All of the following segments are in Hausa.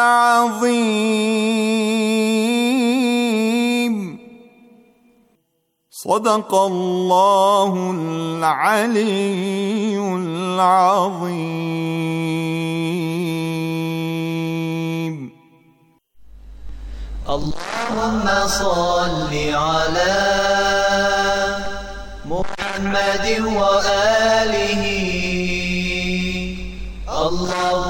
العظيم صدق الله العلي العظيم اللهم صل على محمد وآله اللهم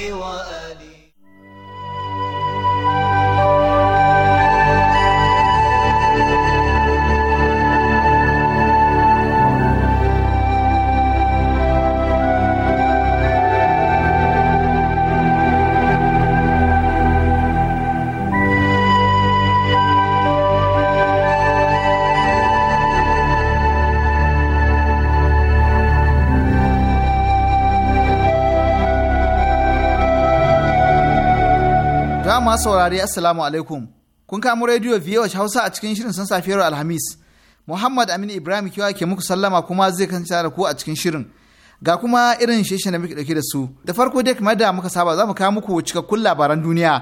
ma saurari assalamu alaikum. Kun kamo rediyo VOH Hausa a cikin shirin san safiyar Alhamis. Muhammad Aminu Ibrahim kiwa ke muku sallama kuma zai kasance da ku a cikin shirin. Ga kuma irin sheshe da muke dauke da su. Da farko dai kamar da muka saba za mu kawo muku cikakkun labaran duniya.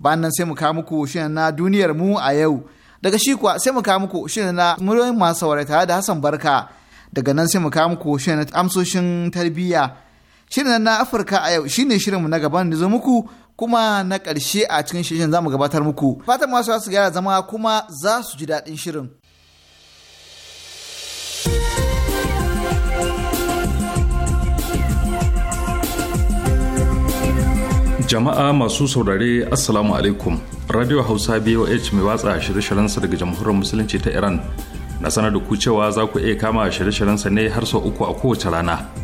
Bayan nan sai mu kawo muku shirin na duniyar mu a yau. Daga shi kuwa sai mu kawo muku shirin na muryoyin masu saurari tare da Hassan Barka. Daga nan sai mu kawo muku shirin na amsoshin tarbiyya. Shirin na Afirka a yau shine shirinmu na gaban da zo muku kuma na ƙarshe a cikin shirin za mu gabatar muku fatan masu su gyara zama kuma za su ji daɗin shirin jama'a masu saurare assalamu alaikum radio hausa boh mai watsa shirye sa daga jamhuriyar musulunci ta iran na sanar da ku cewa za ku iya kama shirye sa ne har sau uku a kowace rana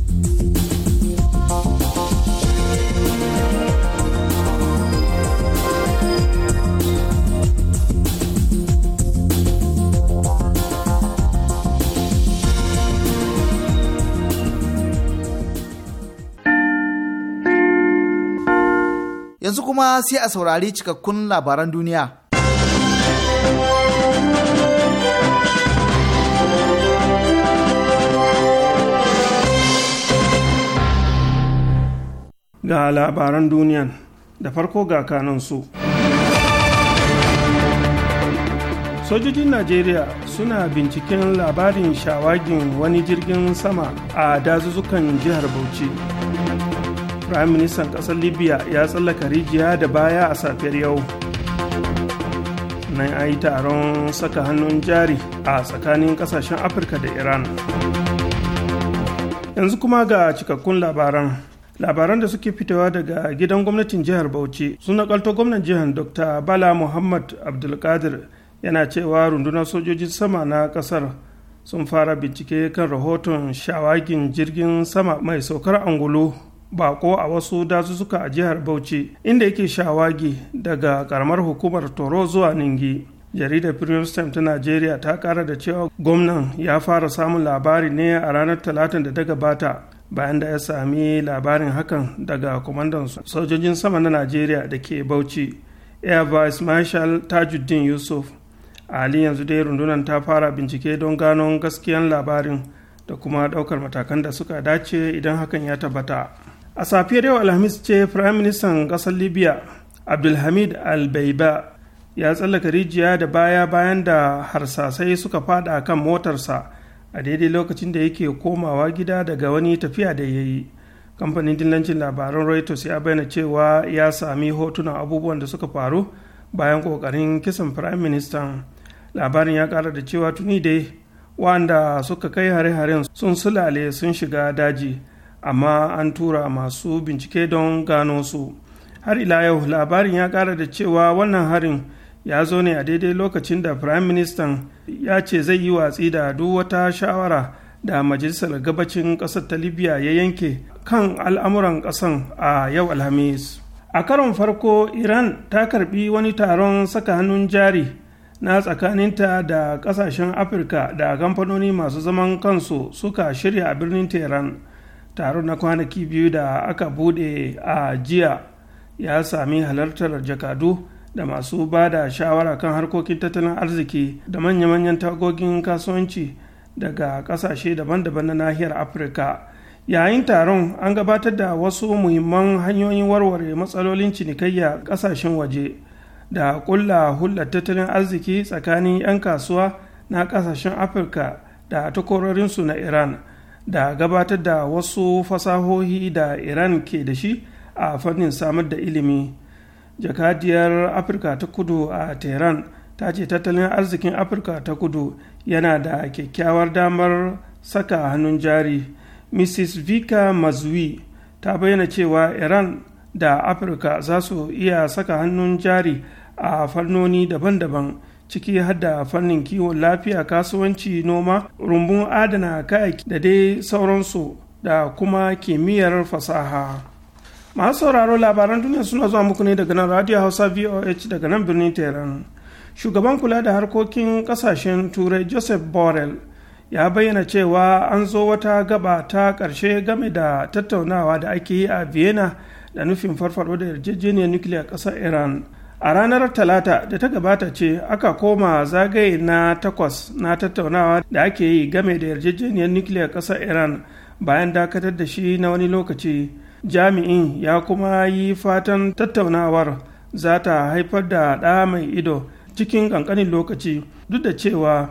yanzu kuma sai a saurari cikakkun labaran duniya. Ga labaran duniyan da farko ga kanan su sojojin najeriya suna binciken labarin shawagin wani jirgin sama a dazuzzukan jihar bauchi prime ministan kasar libya ya tsallaka rijiya da baya a safiyar yau nan an yi taron saka hannun jari a tsakanin kasashen afirka da iran yanzu kuma ga cikakkun labaran labaran da suke fitowa daga gidan gwamnatin jihar bauchi sun nakalto gwamnan jihar dr bala muhammad abdulkadir yana cewa rundunar sojojin sama na kasar sun fara bincike kan rahoton shawagin jirgin sama mai saukar angulu bako a wasu dazuzzuka a jihar bauchi inda yake shawagi daga karamar hukumar toro zuwa ningi jaridar Time ta najeriya ta kara da cewa gwamnan ya fara samun labari ne a ranar talatin da ta gabata bayan da ya sami labarin hakan daga kwamandan sojojin sama na najeriya da ke bauchi air vice marshal tajuddin yusuf ali yanzu dai rundunar ta fara bincike don gano gaskiyan labarin da kuma daukar matakan da suka dace idan hakan ya tabbata. a safiyar yau alhamis ce firayim ministan ƙasar libya abdulhamid albaiba ya tsallaka rijiya da baya bayan da harsasai suka fada kan motarsa a daidai lokacin da yake komawa gida daga wani tafiya da ya yi kamfanin dillancin labaran reuters ya bayyana cewa ya sami hotunan abubuwan da suka faru bayan kokarin kisan firayim ministan labarin ya kara da cewa tuni dai wanda suka kai hare-haren sun sulale sun shiga daji amma an tura masu bincike don gano su har ila yau labarin ya kara da cewa wannan harin ya zo ne a daidai lokacin da prime minister ya ce zai yi watsi da duk wata shawara da majalisar gabacin ƙasar ta libya ya yanke kan al'amuran ƙasan a yau alhamis a karon farko iran ta karbi wani taron saka hannun jari na tsakaninta da kasashen afirka da kamfanoni masu zaman kansu suka shirya a birnin tehran taron na kwanaki biyu da aka bude a jiya ya sami halartar jakadu da masu ba da shawara kan harkokin tattalin arziki da manya-manyan tagogin kasuwanci daga kasashe daban-daban na nahiyar afirka yayin taron an gabatar da wasu muhimman hanyoyin warware matsalolin cinikayya kasashen waje da kulla hulla tattalin arziki tsakanin 'yan kasuwa na kasashen afirka da takwarorinsu na iran da gabatar da wasu fasahohi da iran ke da shi a fannin samar da ilimi jakadiyar afirka ta kudu a tehran ta ce tattalin arzikin afirka ta kudu yana da kyakkyawar damar saka hannun jari mrs vika mazwi ta bayyana cewa iran da afirka za su iya saka hannun jari a fannoni daban-daban ciki har da fannin kiwon lafiya kasuwanci noma rumbun adana kayaki da dai sauransu da kuma kimiyyar fasaha masu sauraro labaran duniya suna zuwa muku ne daga nan radio hausa voh daga nan birnin tehran shugaban kula da harkokin kasashen turai joseph borrell ya bayyana cewa an zo wata gaba ta ƙarshe game da tattaunawa da ake yi a vienna da nufin farfado da yarjejeniyar nukiliya ƙasar iran a ranar talata da ta gabata ce aka koma zagaye na takwas na tattaunawa da ake yi game da yarjejeniyar nukiliyar ƙasar iran bayan dakatar da shi na wani lokaci jami'in ya kuma yi fatan tattaunawar za ta haifar da ɗa mai ido cikin ƙanƙanin lokaci duk da cewa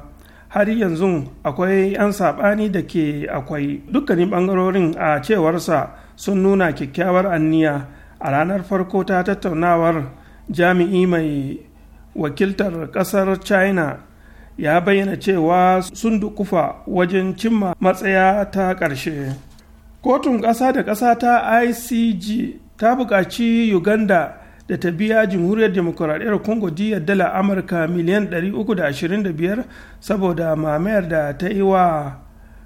har yanzu akwai 'yan saɓani da ke akwai dukkanin ɓangarorin a cewarsa sun nuna kyakkyawar anniya a ranar farko ta tattaunawar jami'i mai wakiltar kasar china ya bayyana cewa sun dukufa wajen cimma matsaya ta ƙarshe kotun ƙasa da ƙasa ta icg ta buƙaci uganda da ta biya jamhuriyar demokuraɗiyar congo diyar dala amurka miliyan 325 saboda mamayar da ta yi wa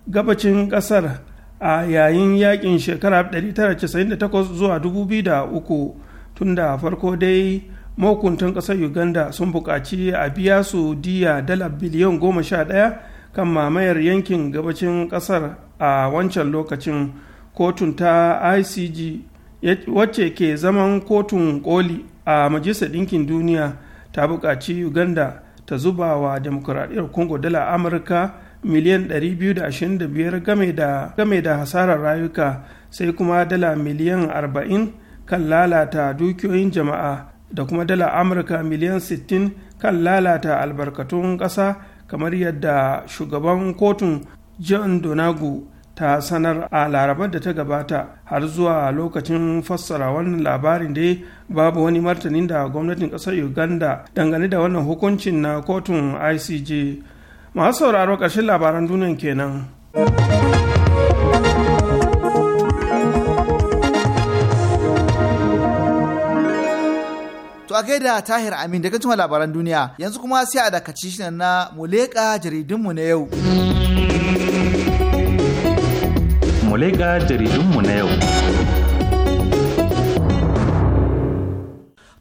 gabacin ƙasar a yayin yakin shekara 1998 zuwa 2003 tun da farko dai mahukuntan ƙasar uganda sun buƙaci a biya su diya dala biliyan goma sha ɗaya kan mamayar yankin gabacin ƙasar a wancan lokacin kotun ta icg wacce ke zaman kotun koli a majalisar ɗinkin duniya ta buƙaci uganda ta zuba wa demokuraɗiyar congo dala amurka miliyan 225 game da hasarar rayuka sai kuma dala miliyan 40 kan lalata dukiyoyin jama'a da kuma dala amurka miliyan 60 kan lalata albarkatun ƙasa kamar yadda shugaban kotun john donagu ta sanar a larabar da ta gabata har zuwa lokacin fassara wannan labarin dai babu wani martanin da gwamnatin ƙasar uganda dangane da wannan hukuncin na kotun icj masu sauraro ƙarshen labaran duniya kenan. To a gaida Tahir Amin da cikin labaran duniya yanzu kuma sai a dakaci shi na Muleka jaridunmu na yau. Muleka jaridunmu na yau.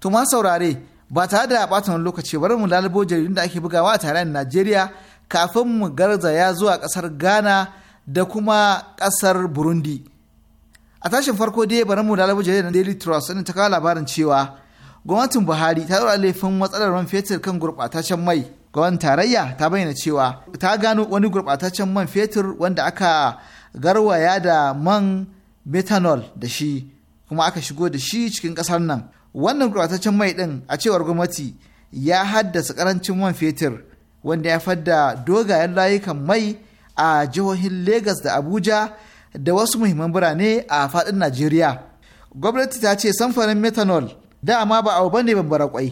To ma saurare ba tare da wani lokaci bari mu lalubo jaridun da ake bugawa a tarayyar Najeriya kafin mu garzaya zuwa ƙasar Ghana da kuma ƙasar Burundi. A tashin farko dai bari mu lalubo jaridun Daily Trust ta kawo labarin cewa gwamnatin buhari ta daura laifin matsalar man fetur kan gurɓataccen mai gwamnatin tarayya ta bayyana cewa ta gano wani gurɓataccen man fetur wanda aka garwaya da man methanol da shi kuma aka shigo da shi cikin ƙasar nan wannan gurɓataccen mai ɗin a cewar gwamnati ya haddasa ƙarancin man fetur wanda ya fadda dogayen layukan mai a jihohin Legas da Abuja da wasu muhimman birane a faɗin Najeriya. Gwamnati ta ce samfarin methanol dama ba abu bane babbara kwai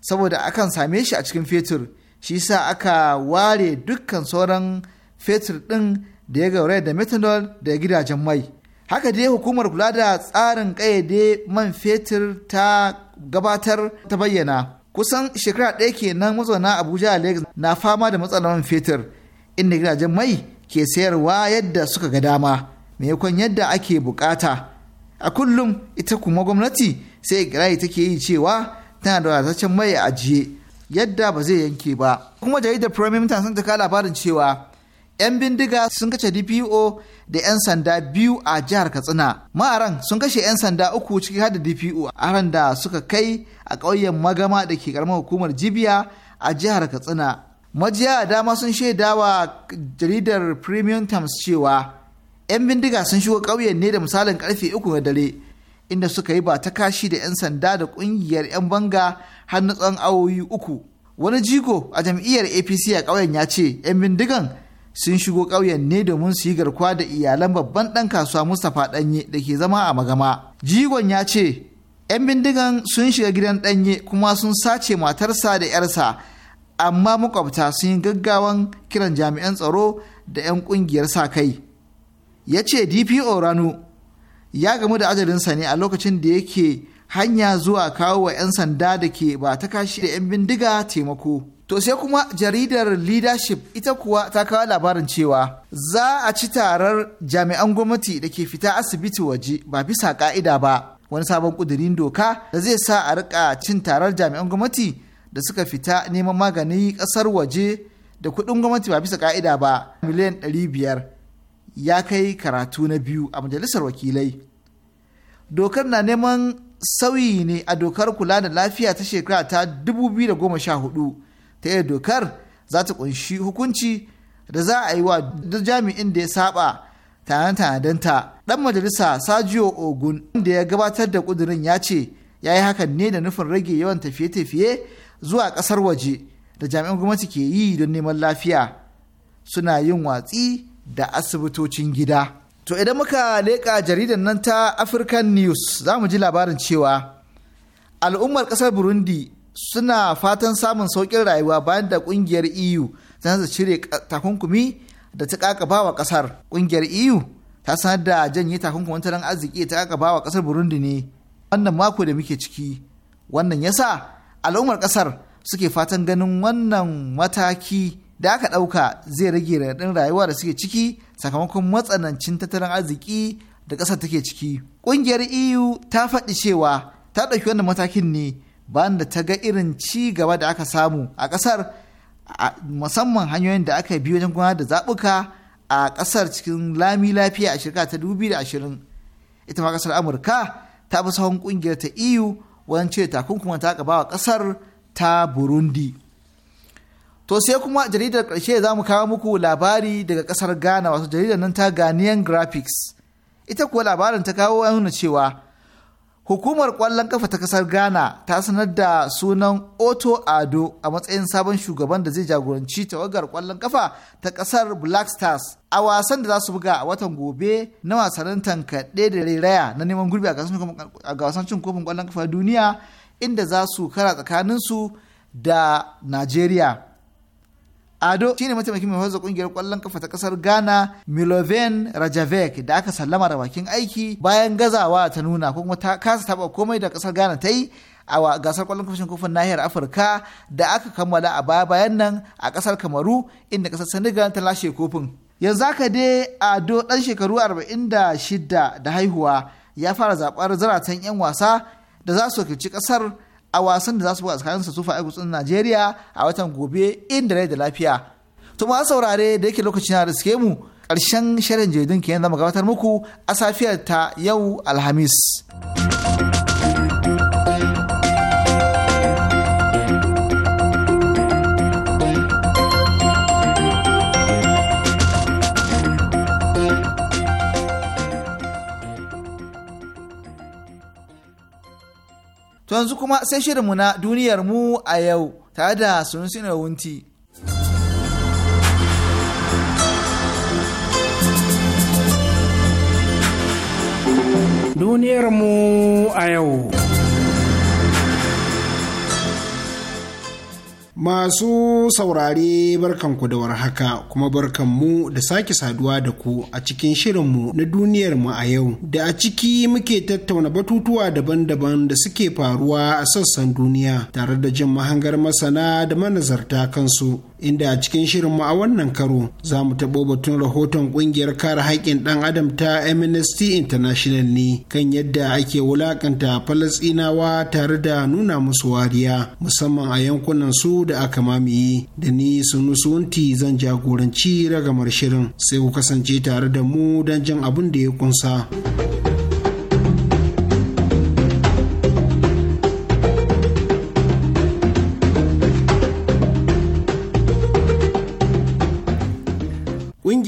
saboda akan same shi a cikin fetur shi sa aka ware dukkan sauran fetur ɗin da ya gaure da methanol da gidajen mai haka dai hukumar kula da tsarin ƙayyade man fetur ta gabatar ta bayyana kusan shekara ɗaya kenan mazauna abuja lagos na fama da matsalar man fetur inda gidajen mai ke sayarwa yadda suka ga dama maimakon yadda ake bukata a kullum ita kuma gwamnati sai ikirari take yi cewa tana da wadataccen mai a ajiye yadda ba zai yanke ba kuma jaridar prime minister sun taka labarin cewa 'yan bindiga sun kace dpo da 'yan sanda biyu a jihar katsina ma'aran sun kashe 'yan sanda uku ciki har da dpo a ran da suka kai a ƙauyen magama da ke karamar hukumar jibiya a jihar katsina majiya a dama sun shaida wa jaridar premium times cewa 'yan bindiga sun shigo ƙauyen ne da misalin karfe uku na dare inda suka yi ba ta kashi da 'yan sanda da kungiyar 'yan banga har na tsawon awoyi uku wani jigo a jam'iyyar apc a ƙauyen ya ce 'yan bindigan sun shigo ƙauyen ne domin su yi garkuwa da iyalan babban ɗan kasuwa mustapha ɗanye da ke zama a magama jigon ya ce 'yan bindigan sun shiga gidan ɗanye kuma sun sace matarsa da 'yarsa amma makwabta sun yi gaggawan kiran jami'an tsaro da 'yan ƙungiyar sa kai ya ce dpo ranu ya gamu da ajalinsa ne a lokacin da yake hanya zuwa kawo wa 'yan sanda da ke ba ta kashi da 'yan bindiga taimako. To sai kuma jaridar leadership ita kuwa ta kawo labarin cewa za a ci tarar jami'an gwamnati da ke fita asibiti waje ba bisa ka'ida ba wani sabon kudirin doka da zai sa a rika cin tarar jami'an gwamnati da suka fita neman magani ƙasar waje da kuɗin gwamnati ba bisa ka'ida ba miliyan 500 ya kai karatu na biyu a majalisar wakilai dokar na neman sauyi ne a dokar kula da lafiya ta shekara ta 2014 ta yadda dokar za ta kunshi hukunci da za a yi wa duk jami'in da ya saba ta dan majalisa sajiyo ogun da ya gabatar da kudirin ya ce ya yi hakan ne da nufin rage yawan tafiye-tafiye zuwa kasar waje da jami'an gwamnati ke yi don neman lafiya suna yin watsi da asibitocin gida. To idan muka leƙa jaridar nan ta African News za mu ji labarin cewa al'ummar ƙasar Burundi suna fatan samun sauƙin rayuwa bayan da ƙungiyar EU ta cire takunkumi da ta ƙaƙabawa ƙasar. Ƙungiyar EU ta sanar da janye takunkumin tattalin arziki ta ƙaƙabawa ƙasar Burundi ne wannan mako da muke ciki. Wannan yasa al'ummar ƙasar suke fatan ganin wannan mataki da aka ɗauka zai rage raɗin rayuwa da suke ciki sakamakon matsanancin tattalin arziki da ƙasar take ciki. Ƙungiyar EU ta faɗi cewa ta ɗauki wannan matakin ne bayan da ta ga irin ci gaba da aka samu a ƙasar musamman hanyoyin da aka bi wajen gudanar da zaɓuka a ƙasar cikin lami lafiya a shirka ta 2020. Ita ma ƙasar Amurka ta fi sahun ƙungiyar ta EU wajen ce takunkuma ta ƙaba wa ƙasar ta Burundi. To sai kuma jaridar ƙarshe za mu kawo muku labari daga ƙasar Ghana wasu jaridar nan ta Ghanaian Graphics. Ita kuwa labarin ta kawo ya nuna cewa hukumar ƙwallon kafa ta ƙasar Ghana ta sanar da sunan oto Ado a matsayin sabon shugaban da zai jagoranci tawagar kwallon kafa ta ƙasar Black Stars a wasan da za su buga a watan gobe na wasannin tankaɗe da rairaya na neman gurbi a gasar cin kofin ƙwallon kafa duniya inda za su kara tsakaninsu da Najeriya. Ado shine mataimakin mai fasa kungiyar kwallon kafa ta kasar Ghana Miloven Rajavec da aka sallama da bakin aiki bayan gazawa ta nuna ko kuma ta kasa taba komai da kasar Ghana ta yi a gasar kwallon kafashin kofin nahiyar Afirka da aka kammala a baya bayan nan a kasar Kamaru inda kasar Senegal ta lashe kofin. Yanzu aka dai Ado dan shekaru 46 da haihuwa ya fara zaɓar zaratan 'yan wasa da za su wakilci kasar a wasan da za su buga tsakanin su sufa eagles Najeriya a watan gobe inda rai da lafiya to ma saurare da yake lokacin na riske mu karshen shirin jaridun kenan zama gabatar muku a safiyar ta yau alhamis. To yanzu kuma sai shirinmu na duniyar mu a yau tare da sunusi wunti. Duniyar mu a yau. Masu saurare barkan ku da warhaka kuma barkanmu da sake saduwa da ku a cikin shirinmu na duniyarmu a yau da a ciki muke tattauna batutuwa daban-daban da suke faruwa a sassan duniya tare da jin mahangar masana da manazarta kansu inda a cikin shirin shirinmu a wannan karo za mu taɓo batun rahoton ƙungiyar kare haƙƙin ɗan adam ta amnesty international ne kan yadda ake wulaƙanta falasɗinawa tare da nuna musu wariya musamman a yankunan su da aka mamaye da ni sunusunti zan jagoranci ragamar shirin sai ku kasance tare da mu don jin abin da ya kunsa.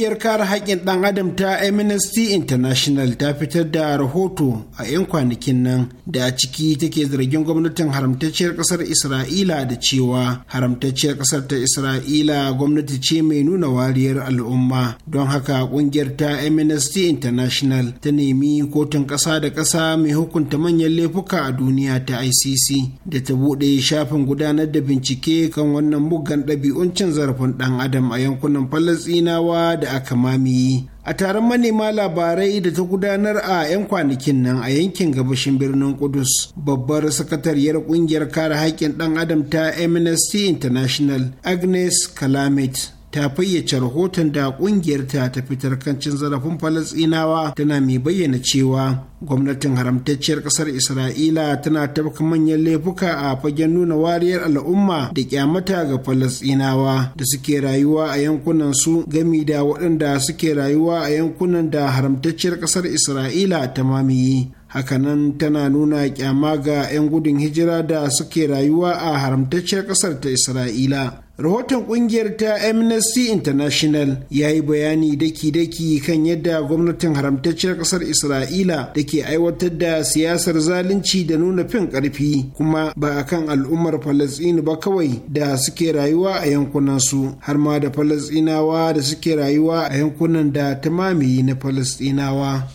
Ƙungiyar kare haƙƙin ɗan adam ta Amnesty International ta fitar da rahoto a 'yan kwanakin nan da a ciki take zargin gwamnatin haramtacciyar ƙasar Isra'ila da cewa haramtacciyar ƙasar ta Isra'ila gwamnati ce mai nuna wariyar al'umma. Don haka ƙungiyar ta Amnesty International ta nemi kotun ƙasa da ƙasa mai hukunta manyan laifuka a duniya ta ICC da ta buɗe shafin gudanar da bincike kan wannan muggan ɗabi'un cin zarafin ɗan adam a yankunan Falasɗinawa da a kamami a taron manema labarai da ta gudanar a 'yan kwanakin nan a yankin gabashin birnin kudus babbar sakatariyar kungiyar kare haƙƙin ɗan adam ta amnesty international agnes calamity ta fayyace rahoton da ƙungiyarta ta fitar kan cin zarafin falasinawa tana mai bayyana cewa gwamnatin haramtacciyar kasar isra'ila tana tafka manyan laifuka a fagen nuna wariyar al'umma da kyamata ga falasinawa da suke rayuwa a yankunan su gami da waɗanda suke rayuwa a yankunan da haramtacciyar kasar isra'ila ta mamaye hakanan tana nuna kyama ga 'yan gudun hijira da suke rayuwa a haramtacciyar kasar ta isra'ila rahoton kungiyar ta amnesty international ya yi bayani daki-daki kan yadda gwamnatin haramtacciyar kasar isra'ila da ke aiwatar da siyasar zalunci da nuna fin karfi kuma ba a kan al'ummar falasɗinu ba kawai da suke rayuwa a yankunan su har ma da falasɗinawa da suke rayuwa a yankunan da ta mamaye na falasɗinawa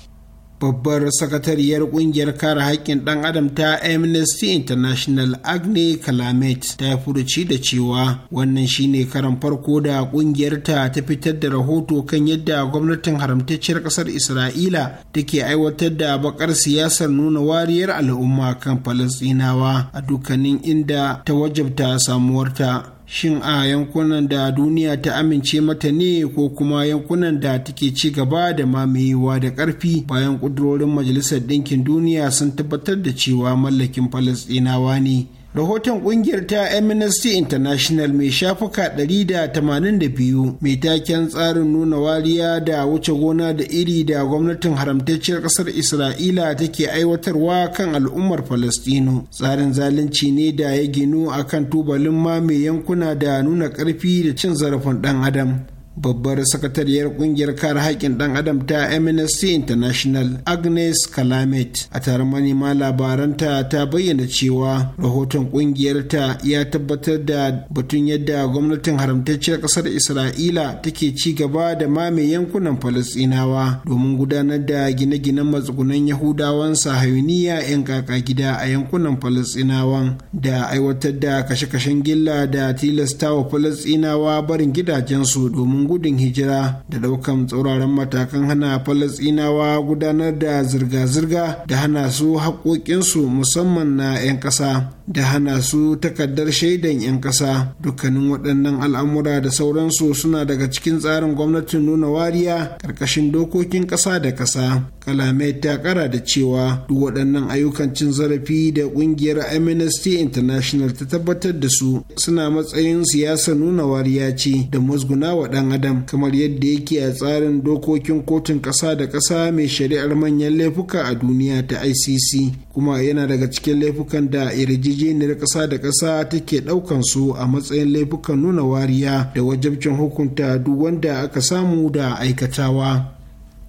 babbar sakatariyar kungiyar kare haƙƙin ɗan adam ta amnesty international agne kalamet ta yi furuci da cewa wannan shine karan farko da kungiyar ta ta fitar da rahoto kan yadda gwamnatin haramtacciyar ƙasar isra'ila take aiwatar da bakar siyasar nuna wariyar al'umma kan falasɗinawa a dukkanin inda ta wajabta samuwarta shin a yankunan da duniya ta amince mata ne ko kuma yankunan da take ci gaba da mamayewa da ƙarfi bayan ƙudurorin majalisar ɗinkin duniya sun tabbatar da cewa mallakin falasɗinawa ne rahoton kungiyar ta amnesty international mai shafuka 182 mai taken tsarin nuna wariya da wuce gona da iri da gwamnatin haramtacciyar kasar isra'ila take aiwatarwa kan al'ummar falastinu tsarin zalunci ne da ya ginu akan tubalin ma mai yankuna da nuna ƙarfi da cin zarafin ɗan adam babbar sakatariyar kungiyar kare haƙƙin ɗan adam ta amnesty international agnes kalamet a taron manema labaranta ta bayyana cewa rahoton kungiyar ta ya tabbatar da batun yadda gwamnatin haramtacciyar ƙasar isra'ila take ci gaba da mame yankunan Falasinawa, domin gudanar da gine-ginen matsugunan yahudawan sahayuniya 'yan kaka gida a yankunan falasinawan da aiwatar da kashe-kashen gilla da tilastawa Falasinawa barin gidajensu domin gudun hijira da daukan tsauraran matakan hana falasinawa gudanar da zirga-zirga da hana su haƙoƙinsu musamman na 'yan ƙasa da hana su takardar shaidan 'yan ƙasa dukkanin waɗannan al'amura da sauransu suna daga cikin tsarin gwamnatin nuna wariya ƙarƙashin dokokin ƙasa da ƙasa kalamai ta ƙara da cewa duk waɗannan ayyukan cin zarafi da ƙungiyar amnesty international ta tabbatar da su suna matsayin siyasa nuna wariya ce da musguna wa ɗan adam kamar yadda yake a tsarin dokokin kotun ƙasa da ƙasa mai shari'ar manyan laifuka a duniya ta icc kuma yana daga cikin laifukan da yarjejeniyar ƙasa da ƙasa take ɗaukan su a matsayin laifukan nuna wariya da wajabcin hukunta duk wanda aka samu da aikatawa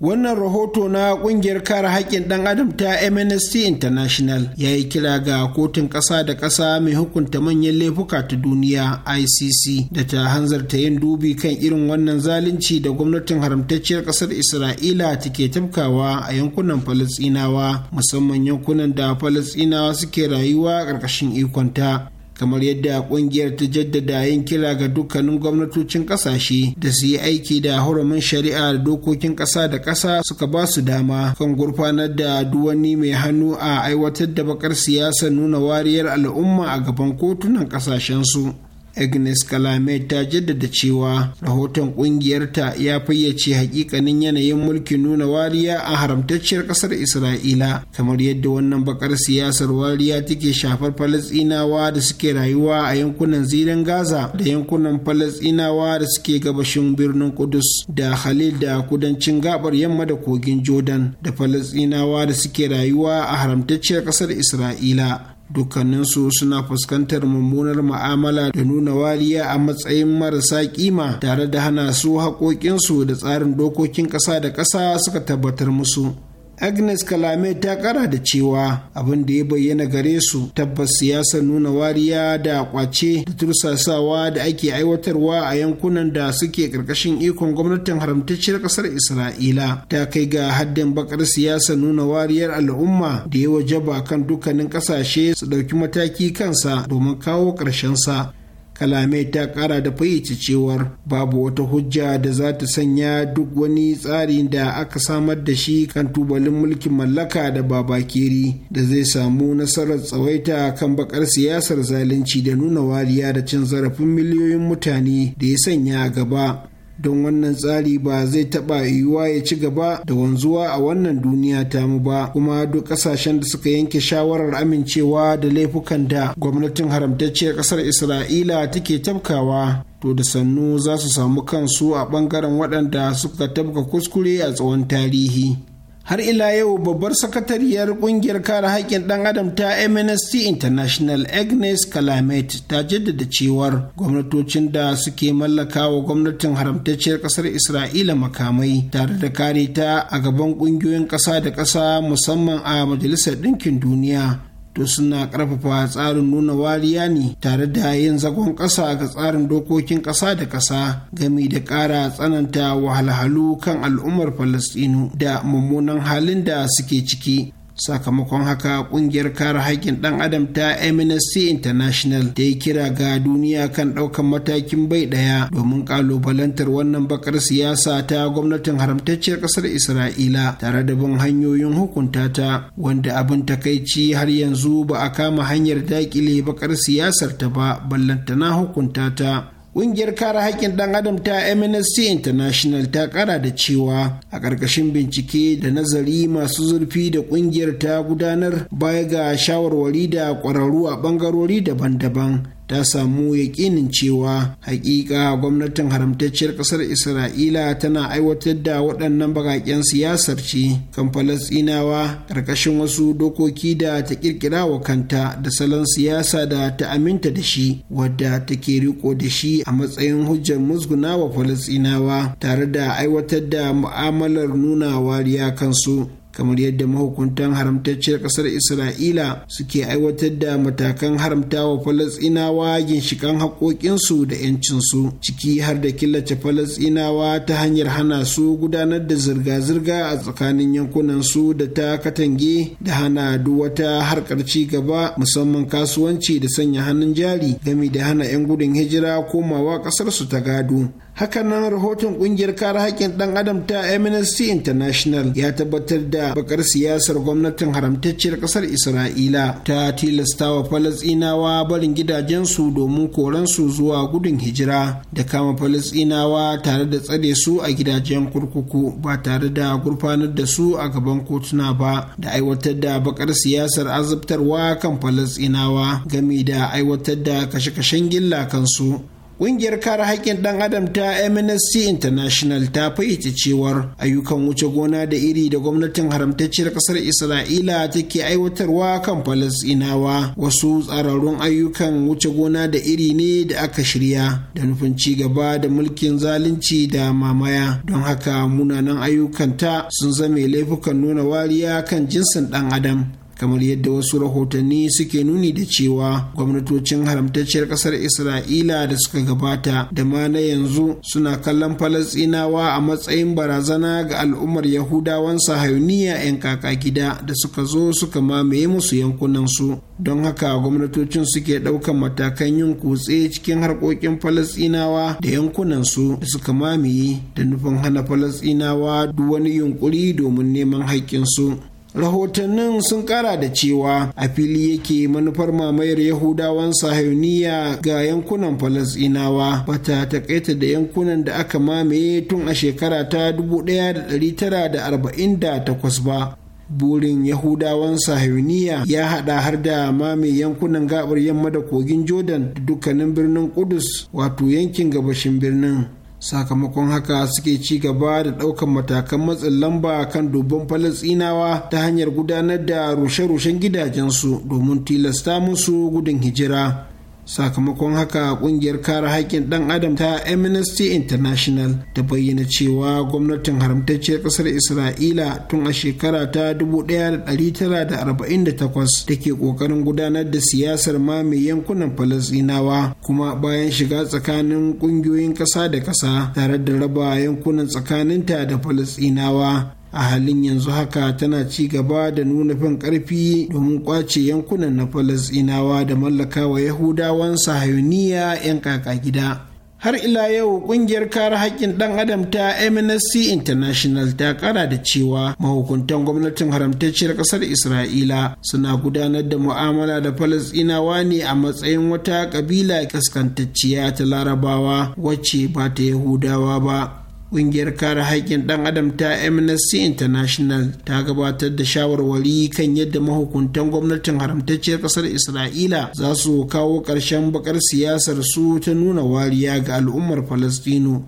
Wannan rahoto na kungiyar kare haƙƙin ɗan adam ta MNST International ya yi kira ga kotun ƙasa da ƙasa mai hukunta manyan laifuka ta duniya ICC da ta hanzarta yin dubi kan irin wannan zalunci da gwamnatin haramtacciyar ƙasar Isra'ila take tafkawa a yankunan Falasɗinawa musamman yankunan da Falasɗinawa suke rayuwa ƙarƙashin ikonta. kamar yadda kungiyar ta jaddada yin kira ga dukkanin gwamnatocin kasashe da su yi aiki da hurumin shari'a da dokokin kasa da kasa suka ba su dama kan gurfanar da duwani mai hannu a aiwatar da bakar siyasa nuna wariyar al'umma a gaban kotunan kasashensu. su agnes kalame ta jaddada cewa rahoton kungiyarta ya fayyace hakikanin yanayin mulkin nuna wariya a haramtacciyar kasar isra'ila kamar yadda wannan bakar siyasar wariya take shafar falasinawa da suke rayuwa a yankunan zirin gaza da yankunan falasinawa da suke gabashin birnin kudus da khalil da kudancin gabar yamma da kogin jordan da falasinawa da suke rayuwa a haramtacciyar kasar isra'ila dukkaninsu suna fuskantar mummunar ma'amala da nuna wariya a matsayin marasa kima tare da hana su haƙoƙinsu da tsarin dokokin ƙasa da ƙasa suka tabbatar musu agnes kalame ta kara da cewa abin da ya bayyana gare su tabbas siyasar nuna wariya da kwace da tursasawa da ake aiwatarwa a yankunan da suke karkashin ikon gwamnatin haramtacciyar kasar isra'ila ta kai ga haddin bakar siyasar nuna wariyar al'umma da ya wajaba kan dukkanin kasashe su ɗauki mataki kansa domin kawo sa. kalamai ta kara da fayyace cewar babu wata hujja da za ta sanya duk wani tsari da aka samar da shi kan tubalin mulkin mallaka da babakeri da zai samu nasarar tsawaita kan bakar siyasar zalunci da nuna wariya da cin zarafin miliyoyin mutane da ya sanya a gaba don wannan tsari ba zai taɓa yiwuwa ya ci gaba da wanzuwa a wannan duniya tamu ba kuma duk ƙasashen da suka yanke shawarar amincewa da laifukan da gwamnatin haramtacciyar ƙasar isra'ila take tafkawa to da sannu za su samu kansu a ɓangaren waɗanda suka tabka kuskure a tsawon tarihi har ila yau babbar sakatariyar kungiyar kare haƙƙin ɗan adam ta amnesty international agnes calamet ta jaddada cewar gwamnatocin da suke mallaka wa gwamnatin haramtacciyar ƙasar isra'ila makamai tare da kare ta a gaban ƙungiyoyin ƙasa da ƙasa musamman a majalisar ɗinkin duniya duk suna karfafa tsarin nuna wariya ne tare da yin zagon kasa ga tsarin dokokin kasa da kasa gami da kara tsananta wahalhalu kan al'ummar falastinu da mummunan halin da suke ciki sakamakon haka kungiyar kare haƙƙin ɗan adam ta amnesty international ta yi kira ga duniya kan ɗaukan matakin bai ɗaya domin ƙalubalantar wannan bakar siyasa ta gwamnatin haramtacciyar ƙasar isra'ila tare da bin hanyoyin hukunta ta wanda abin takaici har yanzu ba a kama hanyar daƙile bakar siyasar ta ba ballantana hukunta ta Ƙungiyar kare haƙƙin ɗan adam ta Amnesty International ta ƙara da cewa a ƙarƙashin bincike da nazari masu zurfi da ƙungiyar ta gudanar baya ga shawarwari da ƙwararru a ɓangarori daban-daban ta samu yakinin cewa hakika gwamnatin haramtacciyar kasar isra'ila tana aiwatar da waɗannan baƙaƙen siyasar ce kan falasɗinawa ƙarƙashin wasu dokoki da ta ƙirƙira wa kanta da salon siyasa da ta aminta da shi wadda take riko da shi a matsayin hujjar musguna wa falasɗinawa tare da aiwatar da mu'amalar nuna wariya kansu kamar yadda mahukuntan haramtacciyar ƙasar isra'ila suke aiwatar da matakan haramta wa falasinawa ginshikan haƙoƙinsu da 'yancinsu ciki har da killace falasinawa ta hanyar hana su gudanar da zirga-zirga a tsakanin yankunansu da ta katange da hana duwata wata harkar ci gaba musamman kasuwanci da sanya hannun jari game da hana 'yan gudun hijira komawa ƙasarsu ta gado nan rahoton kungiyar kare haƙƙin ɗan adam ta amnesty international ya tabbatar da bakar siyasar gwamnatin haramtacciyar ƙasar isra'ila ta tilastawa falasɗinawa barin gidajensu domin su zuwa gudun hijira da kama falasɗinawa tare da tsare su a gidajen kurkuku ba tare da gurfanar da su a gaban kotuna ba da aiwatar da bakar siyasar azabtarwa kan falasɗinawa game da aiwatar da kashe-kashen gilla kansu Ƙungiyar kare haƙƙin ɗan adam ta Amnesty International ta fayyace cewar ayyukan wuce gona da iri da gwamnatin haramtacciyar ƙasar Isra'ila take aiwatarwa kan Falasɗinawa wasu tsararrun ayyukan wuce gona da iri ne da aka shirya da nufin ci gaba da mulkin zalunci da mamaya don haka munanan ayyukanta sun zame laifukan nuna wariya kan jinsin ɗan adam kamar yadda wasu rahotanni suke nuni da cewa gwamnatocin haramtacciyar kasar isra'ila da suka gabata da ma na yanzu suna kallon falasinawa a matsayin barazana ga al'ummar yahudawan sahayuniya 'yan kaka gida da suka zo suka mamaye musu yankunansu don haka gwamnatocin suke ɗaukan matakan yin kutse cikin harkokin falasinawa da yankunansu da suka mamaye da nufin hana falasinawa duk wani yunkuri domin neman haƙƙinsu rahotannin sun kara da cewa a fili yake manufar mamayar yahudawan sahiyoniya ga yankunan falasinawa bata takaita da yankunan da aka mamaye tun a shekara ta 1948 ba burin yahudawan sahiyoniya ya hada har da mame yankunan gabar yamma da kogin jordan da dukkanin birnin kudus wato yankin gabashin birnin sakamakon haka suke ci gaba da ɗaukan matakan matsin lamba kan dubban falasinawa ta hanyar gudanar da rushe-rushen gidajensu domin tilasta musu gudun hijira sakamakon haka kungiyar kare haƙƙin ɗan adam ta amnesty international ta bayyana cewa gwamnatin haramtacciyar ƙasar isra'ila tun a shekara ta 1948 take ƙoƙarin gudanar da siyasar mame yankunan Falasinawa, kuma bayan shiga tsakanin ƙungiyoyin ƙasa da ƙasa tare da raba yankunan tsakaninta da Falasinawa. a halin yanzu haka tana ci gaba da nuna fin karfi domin ƙwace yankunan na falasinawa da mallaka wa yahudawan sahayuniya 'yan kaka gida har ila yau kungiyar kare haƙƙin ɗan adam ta mnsc international ta kara da cewa mahukuntan gwamnatin haramtacciyar ƙasar isra'ila suna gudanar da mu'amala da falasɗinawa ne a matsayin wata ƙabila kaskantacciya ta larabawa wacce ba ta yahudawa ba Ƙungiyar kare haƙƙin ɗan adam ta Amnesty International ta gabatar da shawarwari kan yadda mahukuntan gwamnatin haramtacciyar ƙasar Isra'ila za su kawo ƙarshen baƙar siyasar su ta nuna wariya ga al'ummar Falastinu.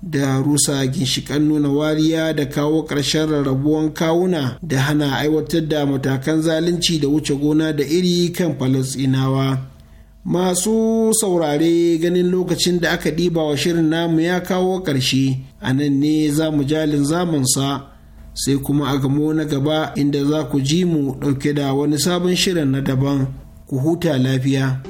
Da rusa ginshikan nuna wariya da kawo ƙarshen rarrabuwan kawuna da hana aiwatar da matakan zalunci da wuce gona da iri kan Falastinawa. Masu saurare ganin lokacin da aka ɗiba wa shirin namu ya kawo ƙarshe, a nan ne za mu jalin zamansa sai kuma a gamo na gaba inda za ku ji mu ɗauke da wani sabon shirin na daban, ku huta lafiya.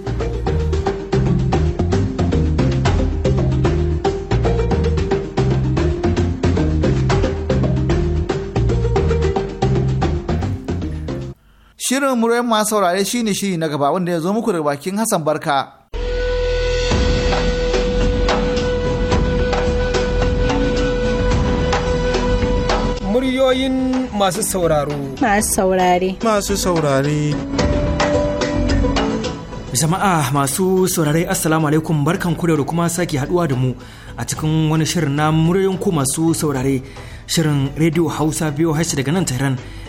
Shirin murai masu saurare ne shiri na gaba wanda ya zo muku da bakin Hassan Barka. Muryoyin masu sauraro. Masu saurare. Masu saurare. Jama'a masu saurare Assalamu alaikum barkan ku da kuma sake haduwa da mu a cikin wani shirin na muryoyin ku masu saurare shirin Radio Hausa biyo hashe daga nan Tehran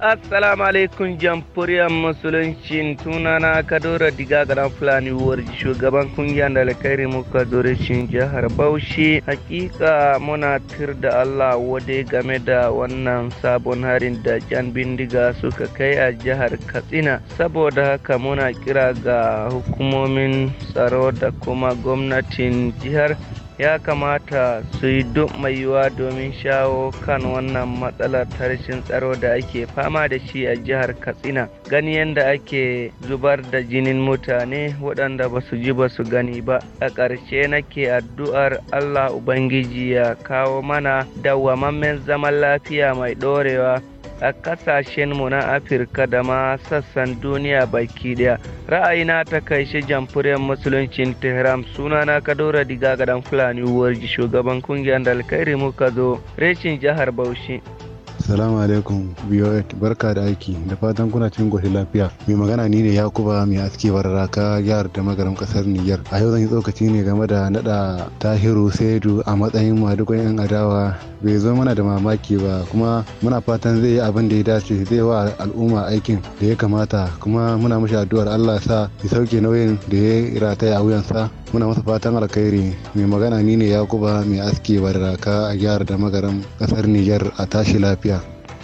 assalamu alaikum jamhuriyar Musulunci tunana kadora diga garan fulani war shugaban kungiyar da alkhairi muka dorishin jihar bauchi hakika muna tir da allah wade game da wannan sabon harin da jan bindiga suka kai a jihar katsina saboda haka muna kira ga hukumomin tsaro da kuma gwamnatin jihar ya kamata su yi duk mai yiwuwa domin shawo kan wannan matsalar tarshen tsaro da ake fama da shi a jihar katsina gani yadda ake zubar da jinin mutane waɗanda ba su ji ba su gani ba a ƙarshe nake addu'ar allah ubangiji ya kawo mana dawwamammen zaman lafiya mai ɗorewa a mu na afirka da ma sassan duniya baki daya ra'ayina ta kai shi jamhuriyar musuluncin tehran sunana kadora diga gadan fulani uwar shugaban kungiyar da muka zo reshin jihar bauchi Assalamu alaikum Biyoet barka da aiki da fatan kuna cikin goshin lafiya. Mai magana ni ne Yakuba mai aske ka jihar da magaram kasar Niger. A yau zan yi tsokaci ne game da nada Tahiru Saidu a matsayin madugon yan adawa bai zo mana da mamaki ba kuma muna fatan zai yi abin da ya dace zai wa al'umma aikin da ya kamata kuma muna mashi addu'ar Allah sa ya sauke nauyin da ya rataya a wuyansa muna masa fatan alkhairi mai magana ni ne yakuba mai aski barraka a gyara da magaran kasar niger a tashi lafiya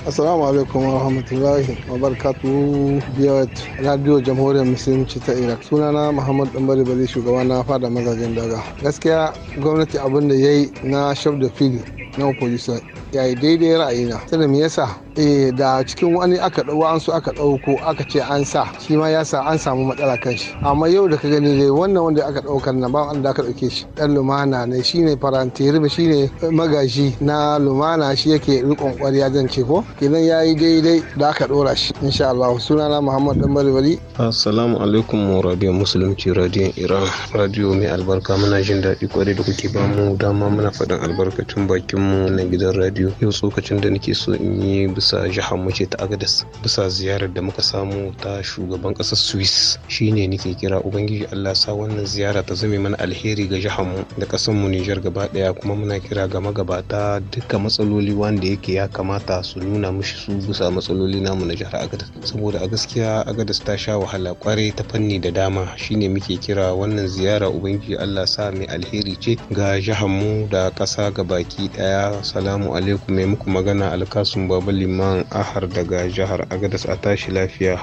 Assalamu alaikum wa rahmatullahi wa barakatu biyat radio jamhuriyar musulunci ta Iraq. Sunana Muhammad Dambari Bari shugaba na fada mazajen daga. Gaskiya gwamnati abin da ya yi na shaf da fili na opposition ya yi daidai ra'ayina. Sada me yasa eh da cikin wani aka wa'ansu aka ɗauko aka ce an sa shi ma ya sa an samu matsala kan shi amma yau da ka gani dai wannan wanda aka ɗaukar nan ba wanda aka ɗauke shi ɗan lumana ne shi ne shine shi ne magaji na lumana shi yake rikon ƙwarya zan ce ko kenan ya yi daidai da aka ɗora shi insha Allah sunana Muhammad Dan Balbali assalamu alaikum wa musulunci radiyon Iran radio mai albarka muna jin daɗi kwarai da kuke ba mu dama muna faɗin albarkacin bakin mu na gidan radio yau tsokacin da nake so in yi bisa jihar muke ta agadas bisa ziyarar da muka samu ta shugaban ƙasar swiss shine nike kira ubangiji allah sa wannan ziyara ta zame mana alheri ga jihar mu da ƙasar mu nijar gaba daya kuma muna kira ga magabata duka matsaloli wanda yake ya kamata su nuna mishi su bisa matsaloli namu na jihar agadas saboda a gaskiya agadas ta sha wahala kwarai ta fanni da dama shine muke kira wannan ziyara ubangiji allah sa mai alheri ce ga jihar mu da kasa ga baki daya salamu alaikum mai muku magana alkasun babali Usman Ahar daga jihar Agadas a tashi lafiya.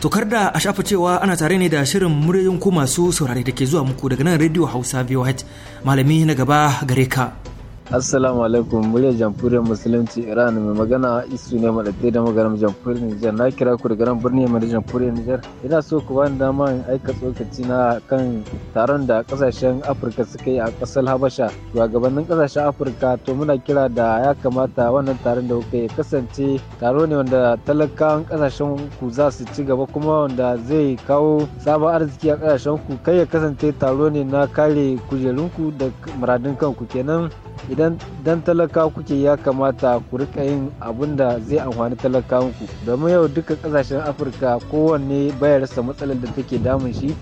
Tokar da a shafa cewa ana tare ne da shirin muryoyin ku masu saurare da ke zuwa muku daga nan Radio Hausa VOH Malami na gaba gare ka. assalamu alaikum muryar jamhuriyar musulunci iran mai magana isu ne madaddai da magana jamhuriyar nijar na kira ku daga nan birni mai jamhuriyar nijar ina so ku bani dama in aika tsokaci na kan taron da kasashen afirka suka yi a kasar habasha shugabannin kasashen afirka to muna kira da ya kamata wannan taron da kuka yi kasance taro ne wanda talakawan kasashen ku za su ci gaba kuma wanda zai kawo sabon arziki a kasashen ku kai ya kasance taro ne na kare kujerunku da muradin kanku kenan idan dan talaka kuke ya kamata ku rika yin abun da zai amfani talakawanku domin yau duka kasashen afirka kowanne bayar rasa matsalar da take damun shi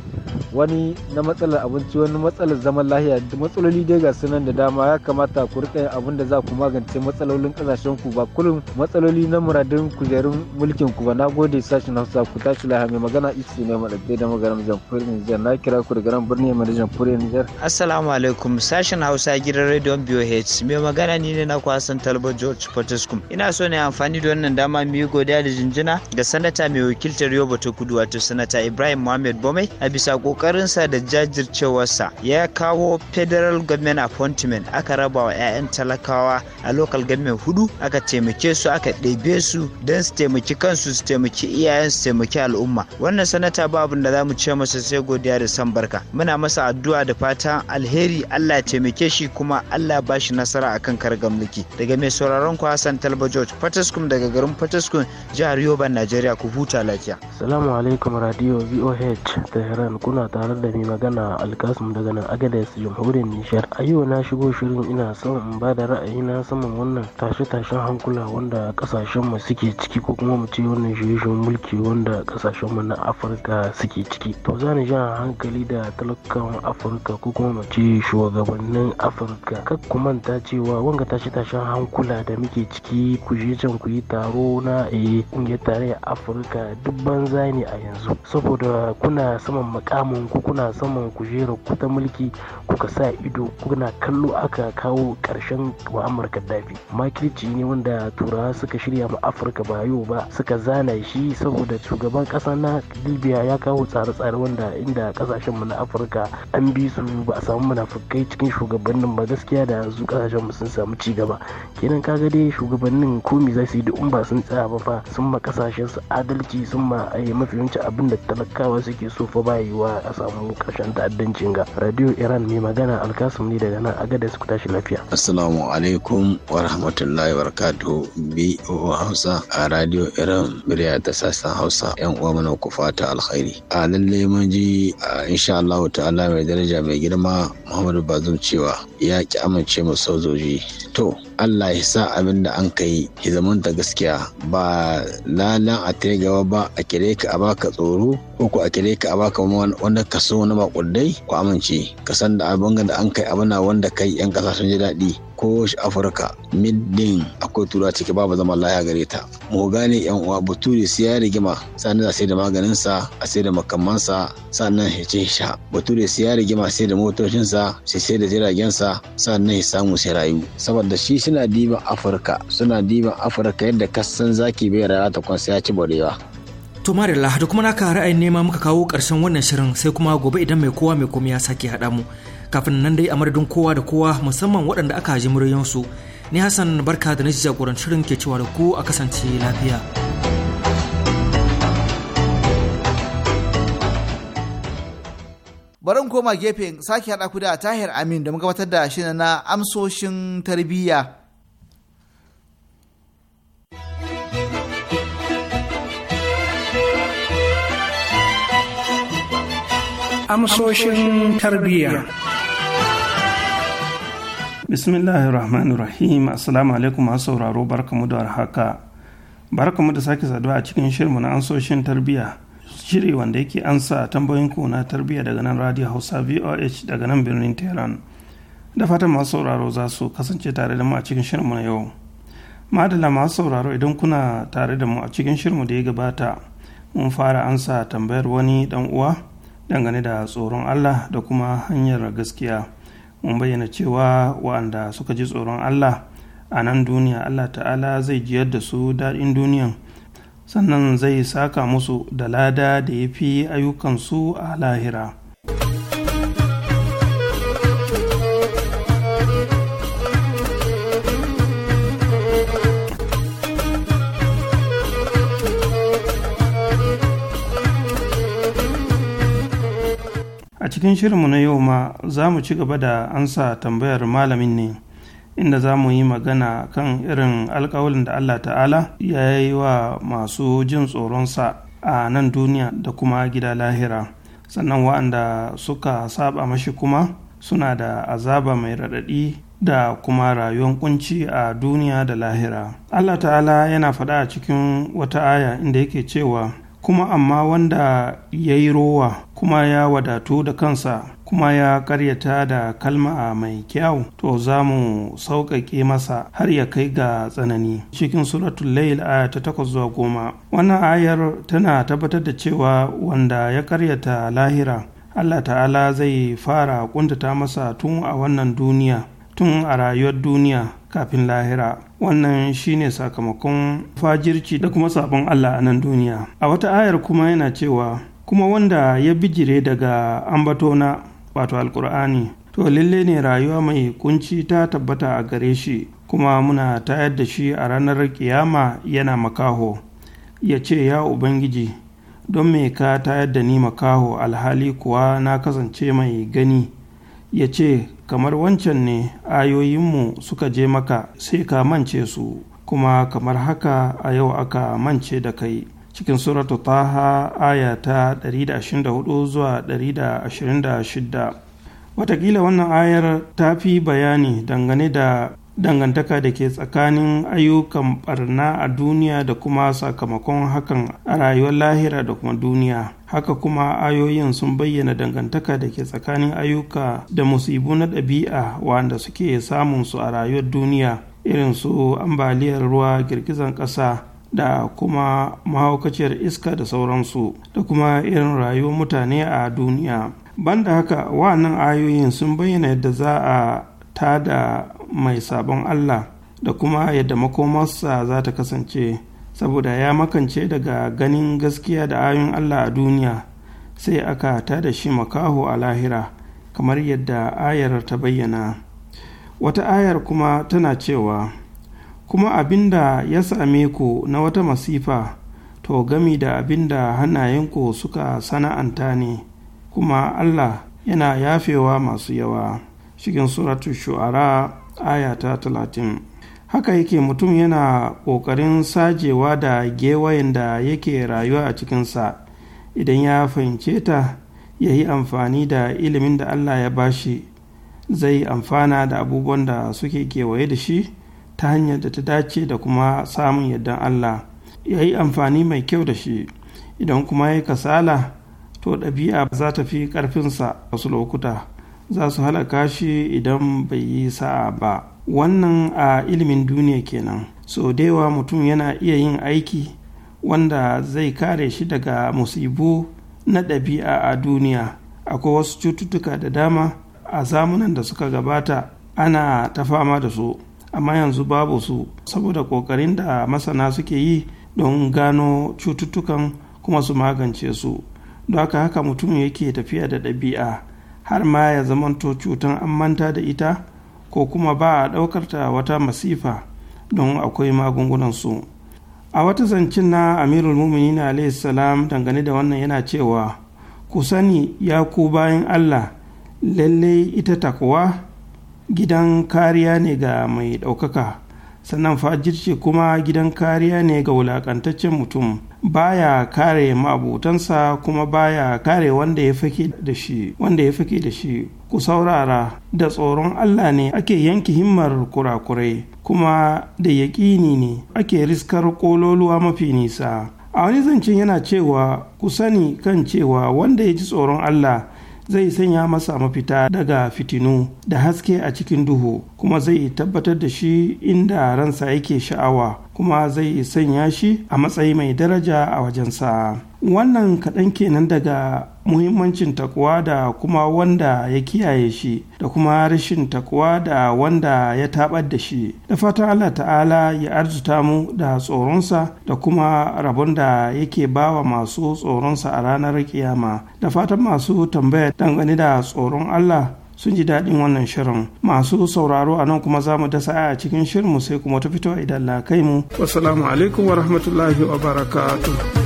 wani na matsalar abinci wani matsalar zaman lahiya matsaloli dai ga sunan da dama ya kamata ku rika yin abin da za ku magance matsalolin kasashen ku ba kullum matsaloli na muradin kujerun mulkin ku ba na gode sashen hausa ku tashi lahiya mai magana isi ne madadai da magaram jamhuriyar nijar na kira ku daga garan birni mai jamhuriyar nijar assalamu alaikum sashen hausa gidan rediyon boh mai magana ni ne na kwasan talba george potescum ina so ne amfani da wannan dama mu yi godiya da jinjina ga sanata mai wakiltar yobo ta kudu wato sanata ibrahim muhammad bomai a bisa kokarinsa da jajircewarsa ya kawo federal government appointment aka raba wa 'ya'yan talakawa a local government hudu aka taimake su aka ɗebe su don su taimaki kansu su taimaki iyayen su taimaki al'umma wannan sanata ba abin da za mu ce masa sai godiya da san barka muna masa addu'a da fatan alheri Allah taimake shi kuma Allah ba shi nasara akan kargar mulki daga mai sauraron ku Hassan Talba George Fataskum daga garin Fataskum jihar yoba nigeria ku huta lafiya salamu alaikum radio VOH Tehran kuna tare da mai magana alkasum daga nan agadez jamhuriyar nishar a yau na shigo shirin ina son in ba da ra'ayi na saman wannan tashe-tashen hankula wanda kasashen mu suke ciki ko kuma mu ce wannan shirye mulki wanda kasashen mu na afirka suke ciki to za ni jan hankali da talakan afirka ko kuma mu ce shugabannin afirka kak ku manta cewa wanga tashe-tashen hankula da muke ciki ku je can ku yi taro na eh kungiyar tarayyar afirka duk banza ne a yanzu saboda kuna saman makamu. ku kuna saman kujerar ku ta mulki kuka sa ido kuna kallo aka kawo ƙarshen mu'ammar gaddafi makirci ne wanda turawa suka shirya ma afirka ba yau ba suka zana shi saboda shugaban kasa na libya ya kawo tsare-tsare wanda inda kasashen mu na afirka an bi su ba a samu munafukai cikin shugabannin ba gaskiya da yanzu kasashen mu sun samu ci gaba kenan kaga dai shugabannin komi za su yi duk ba sun tsaya ba fa sun ma kasashen su adalci sun ma eh, mafi yawanci abin da talakawa suke so fa ba yiwa a samu karshen ta'addancin ga radio iran mai magana alkasum ne daga nan agada su tashi lafiya assalamu alaikum wa rahmatullahi wa barakatuhu bo hausa a radio iran murya ta sassan hausa yan uwa mana ku fata alkhairi a lalle mun ji a insha Allah ta'ala mai daraja mai girma muhammadu bazum cewa ya ki amince mu sojoji to allah ya sa abin da an kai ya zamanta gaskiya ba lalan a ta gaba ba a kire ka a baka tsoro ko ku a kire ka a baka wanda ka so na bakudai ku amince ka san da abin da an kai abin wanda kai yan kasa sun ji daɗi ko afirka middin akwai tura ciki babu zaman laya gare ta mu gane yan uwa bature sai ya rigima sannan sai da maganin sa a sai da makamansa sannan ya ce sha bature sai ya rigima sai da motocin sa sai sai da jiragen sa sannan ya samu sai rayu saboda shi suna diban afirka suna diban afirka yadda kasan zaki bai rayuwa ta kwansa ya ci barewa To Marilla da kuma naka ra'ayin nema muka kawo karshen wannan shirin sai kuma gobe idan mai kowa mai komai ya sake haɗa mu kafin nan dai a madadin kowa da kowa musamman waɗanda aka ji muryoyinsu ni hassan barka da na shirin ke cewa da ku a kasance lafiya. Barin koma gefe sake haɗa ku da tahir amin da gabatar da shi na amsoshin tarbiyya. amsoshin tarbiyya bismillahirrahmanirrahim assalamu alaikum masu sauraro barkamu da warhaka barkamu da sake saduwa a cikin shirmu na ansoshin tarbiyya shiri wanda yake ansa tambayoyin ku na tarbiyya daga nan radio hausa voh daga nan birnin tehran da fatan masu sauraro za su kasance tare da mu a cikin shirmu na yau madala masu sauraro idan kuna tare da mu a cikin shirmu da ya gabata mun fara ansa tambayar wani dan uwa dangane da tsoron allah da kuma hanyar gaskiya mun bayyana cewa waɗanda suka ji tsoron Allah a nan duniya Allah ta'ala zai jiyar da su daɗin duniyan sannan zai saka musu da lada da ya fi ayyukansu a lahira. cikin shirinmu na yau ma za mu ci gaba da ansa tambayar malamin ne inda za mu yi magana kan irin alkawalin da Allah ta'ala ya yi wa masu jin tsoronsa a nan duniya da kuma gida lahira sannan wa'anda suka saba mashi kuma suna da azaba mai raɗaɗi da kuma rayuwar kunci a duniya da lahira Allah ta'ala yana faɗa a cikin wata aya inda yake cewa kuma amma wanda ya yi rowa kuma ya wadatu da kansa kuma ya karyata da kalma mai kyau to za mu sauƙaƙe masa har ya kai ga tsanani cikin suratul layl aya ta takwas zuwa goma wannan ayar tana tabbatar da cewa wanda ya karyata lahira allah ta'ala zai fara kuntata masa tun a wannan duniya tun a rayuwar duniya kafin lahira wannan shine sakamakon fajirci da kuma sabon allah a nan duniya a wata ayar kuma yana cewa kuma wanda ya bijire daga ambatona wato alkur'ani to lalle ne rayuwa mai kunci ta tabbata a gare shi kuma muna tayar da shi a ranar kiyama yana makaho ya ce ya ubangiji don me ka tayar da ni makaho alhali kuwa na kasance mai gani ya ce kamar wancan ne ayoyinmu suka je maka sai ka mance su kuma kamar haka a yau aka mance da kai cikin suratu taha aya ta 124 zuwa 126 watakila wannan ayar ta fi bayani dangane da dangantaka da ke tsakanin ayyukan barna a duniya da kuma sakamakon hakan a rayuwar lahira da kuma duniya haka kuma ayoyin sun bayyana dangantaka da ke tsakanin ayyuka da musibu na ɗabi'a wanda suke samun su a rayuwar duniya irin su ambaliyar ruwa girgizan ƙasa da kuma mahaukaciyar iska da sauransu da kuma irin rayuwar mutane a duniya banda haka wa'annan ayoyin sun bayyana yadda za a tada mai sabon allah da kuma yadda makomarsa za ta kasance saboda ya makance daga ganin gaskiya da ayoyin allah a duniya sai aka tada shi makaho a lahira kamar yadda ayar ta bayyana wata ayar kuma tana cewa kuma abin da ya same ku na wata masifa to gami da abin da hannayenku suka sana'anta ne kuma Allah yana yafewa masu yawa cikin suratu shu'ara aya ta talatin haka yake mutum yana ƙoƙarin sajewa da gewayen da yake rayuwa a cikinsa idan ya fahimce ta ya yi amfani da ilimin da Allah ya bashi zai amfana da abubuwan da suke kewaye da shi ta hanyar da ta dace da kuma samun yardan Allah ya yi amfani mai kyau da shi idan kuma ya yi kasala to ɗabi'a za ta fi ƙarfinsa wasu lokuta za su halaka shi idan bai yi sa'a ba wannan a ilimin duniya kenan so dewa mutum yana iya yin aiki wanda zai kare shi daga musibu na ɗabi'a a duniya akwai wasu cututtuka da dama a zamunan da suka gabata ana ta fama da su amma yanzu babu su saboda ƙoƙarin da masana suke yi don gano cututtukan kuma su magance su don haka haka mutum yake tafiya da ɗabi'a har ma ya zamanto cutan an manta da ita ko kuma ba a ta wata masifa don akwai magungunan su a wata zancen na amirul muminin salam dangane da wannan yana cewa ku sani ya ku bayan allah lallai ita takwa gidan kariya ne ga mai ɗaukaka sannan fajirce kuma gidan kariya ne ga wulaƙantaccen mutum baya kare ma'abutansa kuma baya kare wanda ya fake da shi wanda ya fake da shi ku saurara da tsoron Allah ne ake yanke himmar kurakurai kuma da yaƙini ne ake riskar ƙololuwa mafi nisa a wani zancen yana cewa ku sani kan cewa wanda ya ji tsoron Allah zai sanya masa mafita daga fitinu da haske a cikin duhu kuma zai tabbatar da shi inda ransa yake sha'awa kuma zai sanya shi a matsayi mai daraja a wajensa wannan kaɗan kenan daga muhimmancin takuwa da kuma wanda ya kiyaye shi da kuma rashin takuwa da wanda ya tabar da shi da fatan allah ta'ala ya arzuta mu da tsoronsa da kuma rabon da yake bawa masu tsoronsa a ranar kiyama da fatan masu tambaya dangane da tsoron allah sun ji daɗin wannan shirin masu sauraro a nan kuma za mu dasa a cikin shirinmu sai kuma ta fito idan la kai mu wasu alaikum wa rahmatullahi wa barakatuh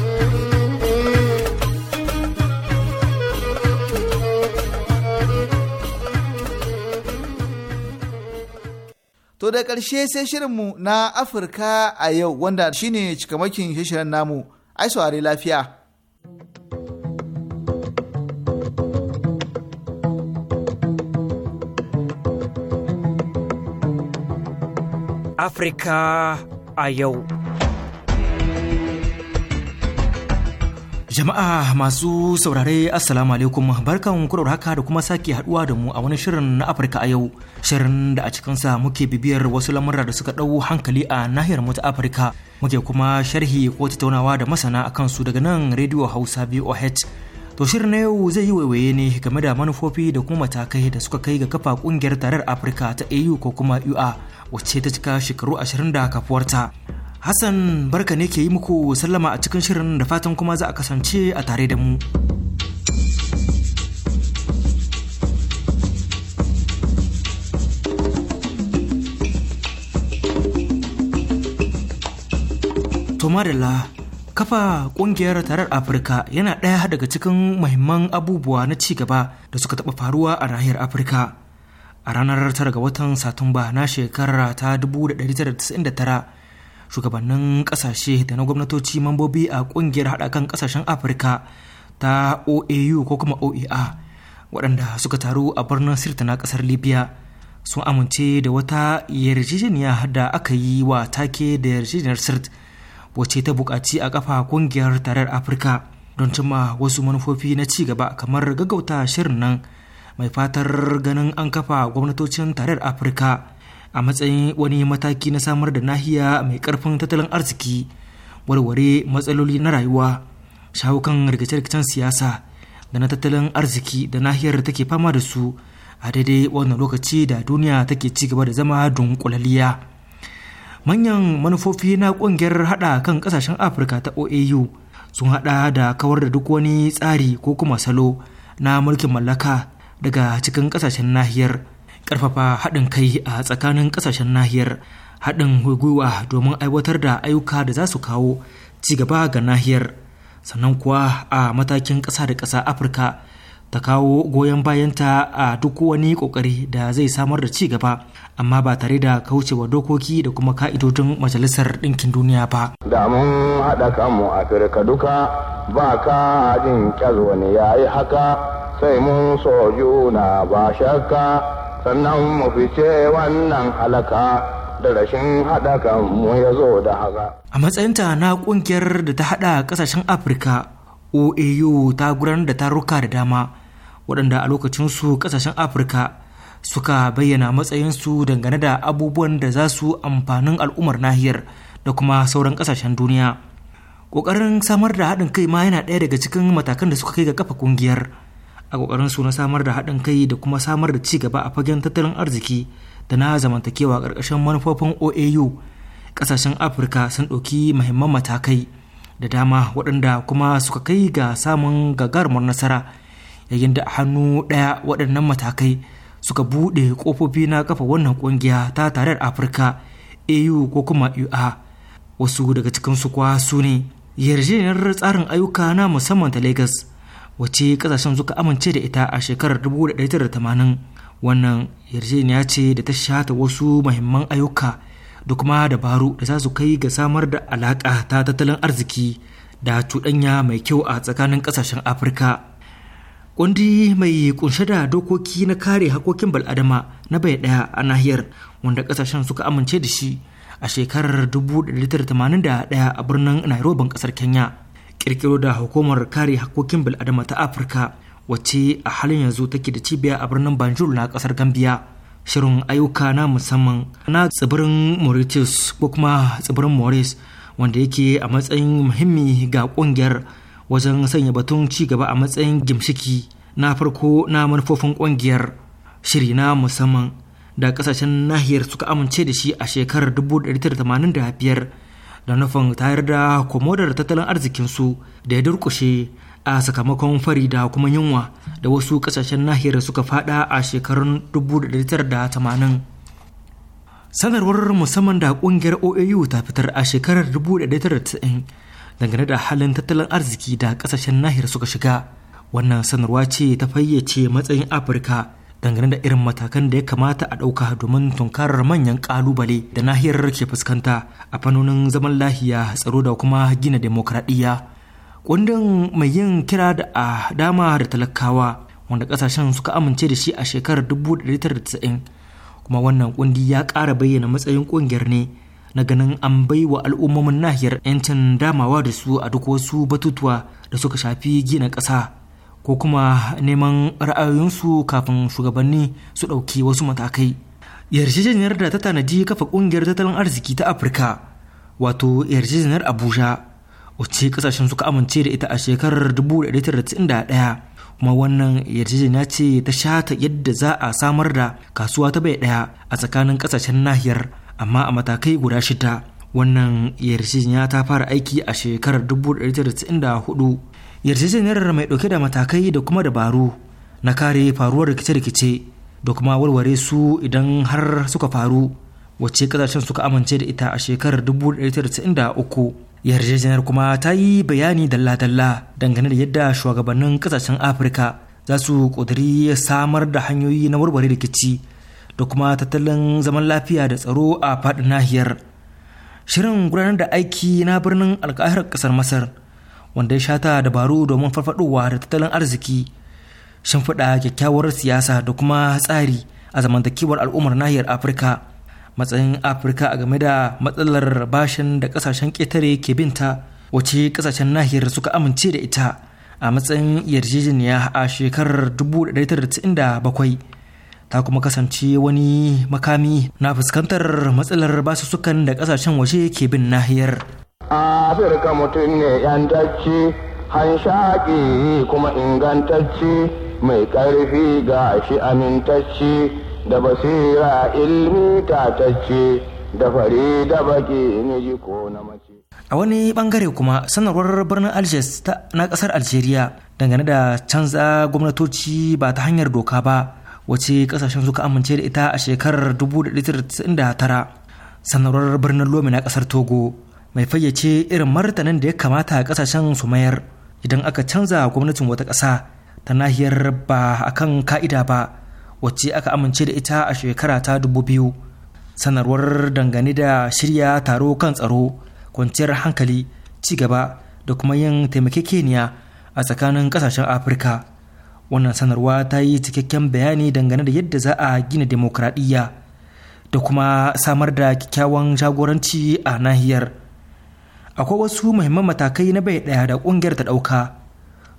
To da ƙarshe sai shirinmu na Afirka a yau wanda shine cikamakin shirin namu, ai saurari lafiya. Afirka a yau. Jama'a masu saurare Assalamu alaikum barkan kurar haka da kuma sake haduwa da mu a wani shirin na Afirka a yau shirin da a cikinsa muke bibiyar wasu lamurra da suka ɗau hankali a nahiyar mu ta Afirka muke kuma sharhi ko tattaunawa da masana a kansu daga nan Radio Hausa BOH to shirin na yau zai yi waiwaye ne game da manufofi da kuma matakai da suka kai ga kafa kungiyar tarar Afirka ta AU ko kuma UA wacce ta cika shekaru ashirin da kafuwarta Hassan barka ne ke yi muku sallama a cikin shirin da fatan kuma za a kasance a tare da mu. Tomarilla kafa kungiyar tarar Afirka yana ɗaya daga cikin muhimman abubuwa na cigaba da suka taɓa faruwa a nahiyar Afirka. A ranar 9 ga watan Satumba na shekara ta 1999 shugabannin kasashe da na gwamnatoci mambobi a kungiyar haɗakan kasashen afirka ta oau ko kuma oea waɗanda suka taru a birnin sirta na ƙasar libya sun amince da wata yarjejeniya da aka yi wa take da yarjejeniyar sirt wacce ta buƙaci a kafa kungiyar tarayyar afirka don cimma wasu manufofi na ci gaba kamar gaggauta shirin nan mai fatar ganin an kafa gwamnatocin tarayyar afirka a matsayin wani mataki na samar da nahiya mai karfin tattalin arziki warware matsaloli na rayuwa shawo kan rikice-rikicen siyasa da na tattalin arziki da nahiyar da take fama da su a daidai wannan lokaci da duniya take ci gaba da zama dunkulaliya manyan manufofi na kungiyar hada kan kasashen afirka ta oau sun hada da kawar da duk wani tsari ko kuma salo na mulkin mallaka daga cikin kasashen nahiyar karfafa haɗin kai a tsakanin ƙasashen nahiyar haɗin gwiwa domin aiwatar da ayyuka da za su kawo ci gaba ga nahiyar sannan kuwa a matakin ƙasa da ƙasa afirka ta kawo goyon bayanta a duk wani ƙoƙari da zai samar da ci gaba amma ba tare da kaucewa dokoki da kuma ka'idodin majalisar ɗinkin duniya ba da mun haɗa kanmu afirka duka ba ka jin wani ya yi haka sai mun soju na ba shakka sannan mu fice wannan halaka da rashin haɗa mu ya zo da haka. A matsayinta na ƙungiyar da ta haɗa ƙasashen Afirka OAU ta gudanar da taruka da dama waɗanda a lokacin su ƙasashen Afirka suka bayyana matsayin su dangane da abubuwan da za su amfanin al'ummar nahiyar da kuma sauran ƙasashen duniya. Ƙoƙarin samar da haɗin kai ma yana ɗaya daga cikin matakan da suka kai ga kafa ƙungiyar. a kokarin su na samar da haɗin kai da kuma samar da ci gaba a fagen tattalin arziki da na zamantakewa ƙarƙashin manufofin oau ƙasashen afirka sun ɗauki muhimman matakai da dama waɗanda kuma suka kai ga samun gagarumar nasara yayin da hannu ɗaya waɗannan matakai suka buɗe ƙofofi na kafa wannan ƙungiya ta tarayyar afirka au ko kuma ua wasu daga cikinsu kwa su ne yarjejeniyar tsarin ayyuka na musamman ta lagos wace kasashen suka amince da ita a shekarar 1980 wannan yarjejeniya ce da ta shata wasu mahimman ayyuka da kuma dabaru da za su kai ga samar da alaƙa ta tattalin arziki da cuɗanya mai kyau a tsakanin kasashen afirka kundi mai kunshe da dokoki na kare hakokin bal'adama na bai ɗaya a nahiyar wanda kasashen suka amince da shi a shekarar 1981 a birnin nairobi kasar kenya kirkiro da hukumar kare hakokin bil'adama ta afirka wacce a halin yanzu take da cibiya a birnin banjul na kasar gambia shirin ayyuka na musamman na tsibirin mauritius ko kuma tsibirin maurice wanda yake a matsayin muhimmi ga kungiyar wajen sanya batun ci gaba a matsayin gimshiki na farko na manufofin kungiyar shiri na musamman da kasashen nahiyar suka amince da shi a shekarar 1985 da nufin tayar da komodar tattalin arzikinsu da ya durkushe a sakamakon fari da kuma yunwa da wasu kasashen nahiyar suka fada a shekarun 1980 sanarwar musamman da kungiyar oau ta fitar a shekarar 1990 dangane da halin tattalin arziki da kasashen nahiyar suka shiga wannan sanarwa ce ta fayyace matsayin afirka dangane da irin matakan da ya kamata a ɗauka domin tunkarar manyan ƙalubale da nahiyar ke fuskanta a fannonin zaman lahiya tsaro da kuma gina demokradiyya kundin mai yin kira da a dama da talakawa wanda ƙasashen suka amince da shi a shekarar 1990 kuma wannan kundi ya ƙara bayyana matsayin ƙungiyar ne na ganin an bai wa al'ummomin nahiyar 'yancin damawa da su a duk wasu batutuwa da suka shafi gina ƙasa ko kuma neman ra'ayoyinsu kafin shugabanni su ɗauki wasu matakai yarjejeniyar da ta tanadi kafa ƙungiyar tattalin arziki ta afirka wato yarjejeniyar abuja wacce kasashen suka amince da ita a shekarar 1991 kuma wannan yarjejeniya ce ta shata yadda za a samar da kasuwa ta bai ɗaya a tsakanin ƙasashen nahiyar amma a matakai guda shida wannan yarjejeniya ta fara aiki a shekarar 1994 yarjejeniyar mai ɗauke da matakai da kuma dabaru na kare faruwar rikice-rikice da kuma warware su idan har suka faru wacce kasashen suka amince da ita a shekarar 1993 yarjejeniyar kuma ta yi bayani dalla-dalla dangane da yadda shugabannin kasashen afirka za su ƙudiri samar da hanyoyi na warware rikici da kuma tattalin zaman lafiya da tsaro a faɗin nahiyar shirin gudanar da aiki na birnin alƙahar ƙasar masar wanda ya shata dabaru domin farfaɗowa da tattalin arziki shimfiɗa kyakkyawar siyasa da kuma tsari a zamantakewar al'ummar nahiyar afirka matsayin afirka a game da matsalar bashin da ƙasashen ƙetare ke binta wace ƙasashen nahiyar suka amince da ita a matsayin yarjejeniya a shekarar 1997 ta kuma kasance wani makami na fuskantar matsalar basussukan da ƙasashen waje ke bin nahiyar afirka mutum ne yantacci hanshaƙi kuma ingantacci mai ƙarfi ga shi amintacci da basira ilmi tatacce da fari da baki ji ko na mace a wani bangare kuma sanarwar birnin algiers na ƙasar algeria dangane da canza gwamnatoci ba ta hanyar doka ba wace kasashen suka amince da ita a shekarar 1999 sanarwar birnin lomi na ƙasar togo mai fayyace irin martanin da ya kamata a kasashen su mayar idan aka canza gwamnatin wata ƙasa ta nahiyar ba a kan ka'ida ba wacce aka amince da ita a shekara ta dubu biyu sanarwar dangane da shirya taro kan tsaro kwanciyar hankali ci gaba da kuma yin taimakekeniya a tsakanin kasashen afirka wannan sanarwa ta yi cikakken bayani dangane da yadda za a gina demokradiyya da kuma samar da kyakkyawan jagoranci a nahiyar akwai wasu muhimman matakai na bai ɗaya da ƙungiyar ta ɗauka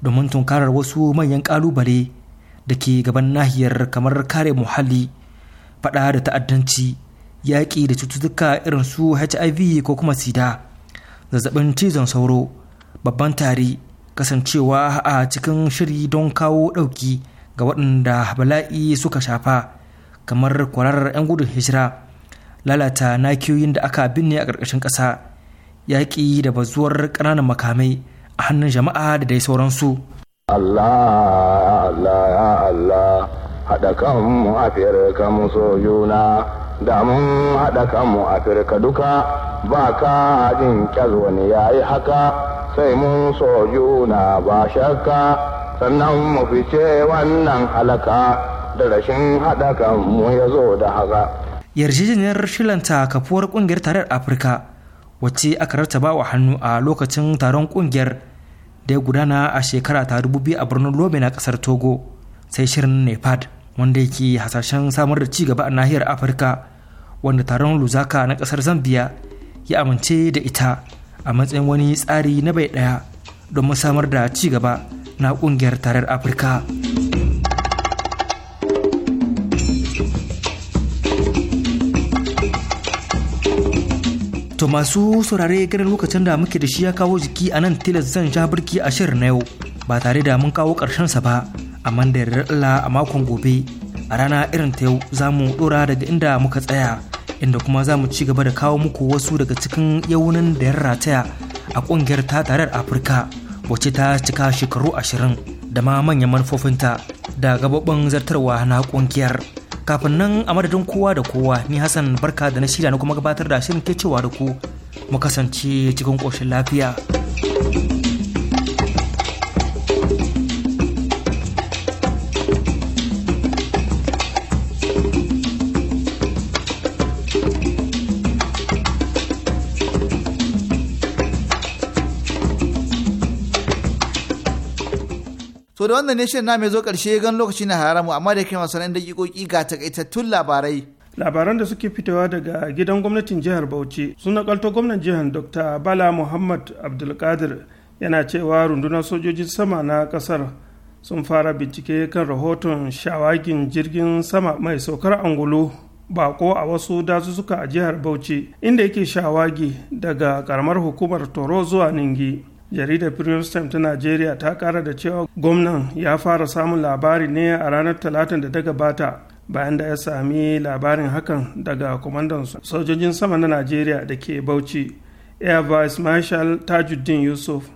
domin tunkarar wasu manyan ƙalubale da ke gaban nahiyar kamar kare muhalli faɗa da ta'addanci yaƙi da cututtuka irin su hiv ko kuma sida zazzabin cizon sauro babban tari kasancewa a cikin shiri don kawo ɗauki ga waɗanda bala'i suka shafa kamar kwararar 'yan gudun hijira lalata nakiyoyin da aka binne a ƙarƙashin ƙasa yaƙi da bazuwar ƙananan makamai a hannun jama'a da dai sauransu. Allah Allah ya Allah haɗa kanmu Afirka mu so juna da mun haɗa kanmu Afirka duka ba ka jin wani ya yi haka sai mun so juna ba shakka sannan mu fice wannan halaka da rashin haɗa mu ya zo da haka. Yarjejeniyar shilanta kafuwar ƙungiyar tarayyar Afirka wacce aka rattaba wa hannu a lokacin taron kungiyar da ya gudana a shekara ta biyu a birnin lobe na kasar togo sai shirin nepad wanda yake hasashen samar da ci gaba a nahiyar afirka wanda taron luzaka na kasar zambia ya amince da ita a matsayin wani tsari na bai daya don samar da ci gaba na kungiyar tarar afirka. To masu saurare ganin lokacin da muke da shi ya kawo jiki a nan tilas zan ja birki a shirin na yau ba tare da mun kawo ƙarshen sa ba amma da yardar Allah a makon gobe a rana irin ta yau za mu ɗora daga inda muka tsaya inda kuma za mu ci gaba da kawo muku wasu daga cikin yawunan da ya rataya a ƙungiyar ta tarar Afirka wacce ta cika shekaru ashirin da ma manyan manufofinta da gababban zartarwa na ƙungiyar. kafin nan a madadin kowa da kowa ni hassan barka da na shirya na kuma gabatar da shirin ke cewa da ku mu kasance cikin koshin lafiya. saboda wannan ne shirin mai zo karshe gan lokaci na haramu amma da kiran sanan kikoki ga takaitattun labarai. Labaran da suke fitowa daga gidan gwamnatin jihar Bauchi sun nakalto gwamnan jihar Dr. Bala Muhammad Abdulkadir yana cewa rundunar sojojin sama na kasar sun fara bincike kan rahoton shawagin jirgin sama mai saukar angulu bako a wasu dazuzzuka a jihar Bauchi inda yake shawagi daga karamar hukumar Toro zuwa Ningi. jaridar Time ta najeriya ta kara da cewa gwamnan ya fara samun labari ne a ranar talatin da ta gabata bayan da ya sami labarin hakan daga kwamandan sojojin sama na najeriya da ke bauchi air vice marshal tajuddin yusuf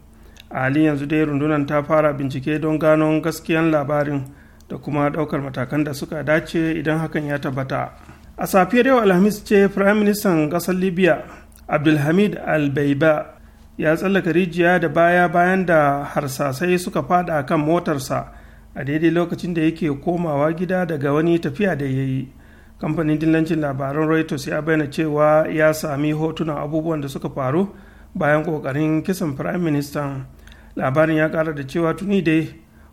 ali yanzu dai rundunar ta fara bincike don gano gaskiyan labarin da kuma daukar matakan da suka dace idan hakan ya tabbata a safiyar yau alhamis ce firayim ministan kasar libya abdulhamid al albaiba ya tsallaka rijiya da baya bayan da harsasai suka fada kan motarsa a daidai lokacin da yake komawa gida daga wani tafiya da ya yi kamfanin dillancin labaran reuters ya bayyana cewa ya sami hotunan abubuwan da suka faru bayan kokarin kisan prime minister labarin ya kara da cewa tuni dai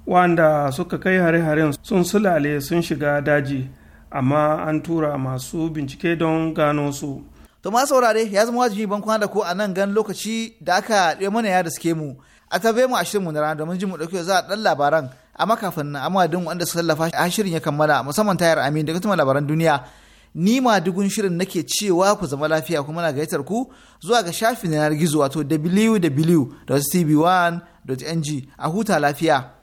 wanda suka kai hare-haren sun sulale sun shiga daji amma an tura masu bincike don gano su To ma saurare ya zama wajibi ban kwana da ku a nan gan lokaci da aka ɗaya mana ya suke mu. A tabe mu a shirin mu na rana domin jin mu ɗauke za a ɗan labaran a kafin na amma din wanda suka tallafa a shirin ya kammala musamman tayar amin daga tuma labaran duniya. Ni ma dugun shirin nake cewa ku zama lafiya kuma na gayyatar ku zuwa ga shafin yanar gizo wato www.tv1.ng a huta lafiya.